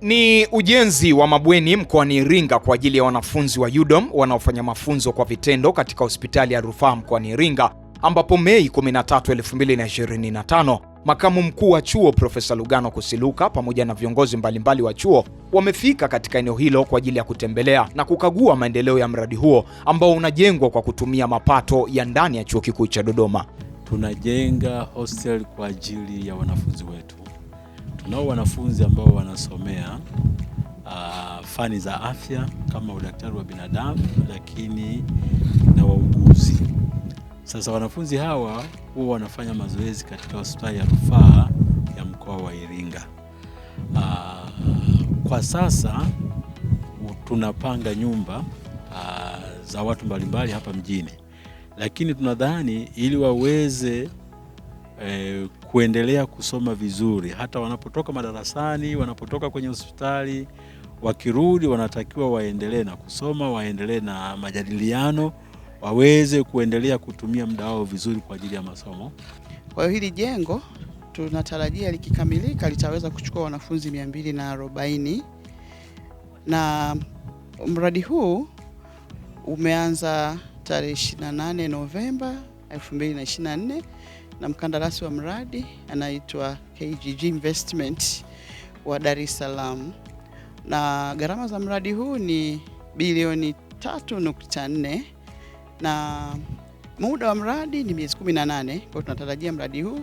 Ni ujenzi wa mabweni mkoani Iringa kwa ajili ya wanafunzi wa UDOM wanaofanya mafunzo kwa vitendo katika hospitali ya rufaa mkoani Iringa, ambapo Mei 13, 2025 makamu mkuu wa chuo Profesa Lugano Kusiluka pamoja na viongozi mbalimbali wa chuo wamefika katika eneo hilo kwa ajili ya kutembelea na kukagua maendeleo ya mradi huo ambao unajengwa kwa kutumia mapato ya ndani ya chuo kikuu cha Dodoma. Tunajenga hostel kwa ajili ya wanafunzi wetu Tunao wanafunzi ambao wanasomea uh, fani za afya kama udaktari wa binadamu lakini na wauguzi. Sasa wanafunzi hawa huwa wanafanya mazoezi katika hospitali ya rufaa ya mkoa wa Iringa. Uh, kwa sasa tunapanga nyumba uh, za watu mbalimbali hapa mjini, lakini tunadhani ili waweze eh, kuendelea kusoma vizuri, hata wanapotoka madarasani, wanapotoka kwenye hospitali, wakirudi wanatakiwa waendelee na kusoma, waendelee na majadiliano, waweze kuendelea kutumia muda wao vizuri kwa ajili ya masomo. Kwa hiyo hili jengo tunatarajia likikamilika litaweza kuchukua wanafunzi 240 na mradi huu umeanza tarehe 28 Novemba 2024 na mkandarasi wa mradi anaitwa KGG Investment wa Dar es Salaam, na gharama za mradi huu ni bilioni 3.4 na muda wa mradi ni miezi 18. Kwa tunatarajia mradi huu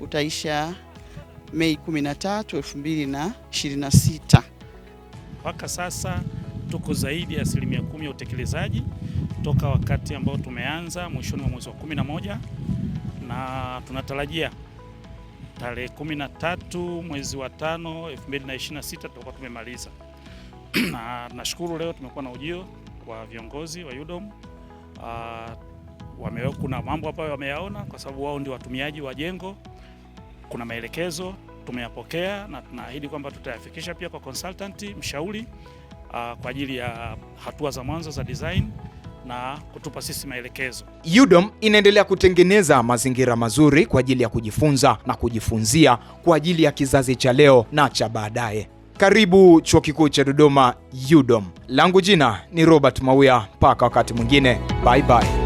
utaisha Mei 13, 2026. Mpaka sasa tuko zaidi ya asilimia kumi ya utekelezaji toka wakati ambao tumeanza mwishoni mwa mwezi wa 11 na tunatarajia tarehe 13 mwezi wa 5 sita tutakuwa tumemaliza. Na nashukuru leo tumekuwa na ujio wa viongozi wa UDOM. Uh, ah, kuna mambo ambayo wameyaona kwa sababu wao ndio watumiaji wa jengo. Kuna maelekezo tumeyapokea na tunaahidi kwamba tutayafikisha pia kwa consultant mshauri, uh, kwa ajili ya hatua za mwanzo za design na kutupa sisi maelekezo. UDOM inaendelea kutengeneza mazingira mazuri kwa ajili ya kujifunza na kujifunzia kwa ajili ya kizazi cha leo na cha baadaye. Karibu Chuo Kikuu cha Dodoma UDOM. Langu jina ni Robert Mauya, mpaka wakati mwingine, bye bye.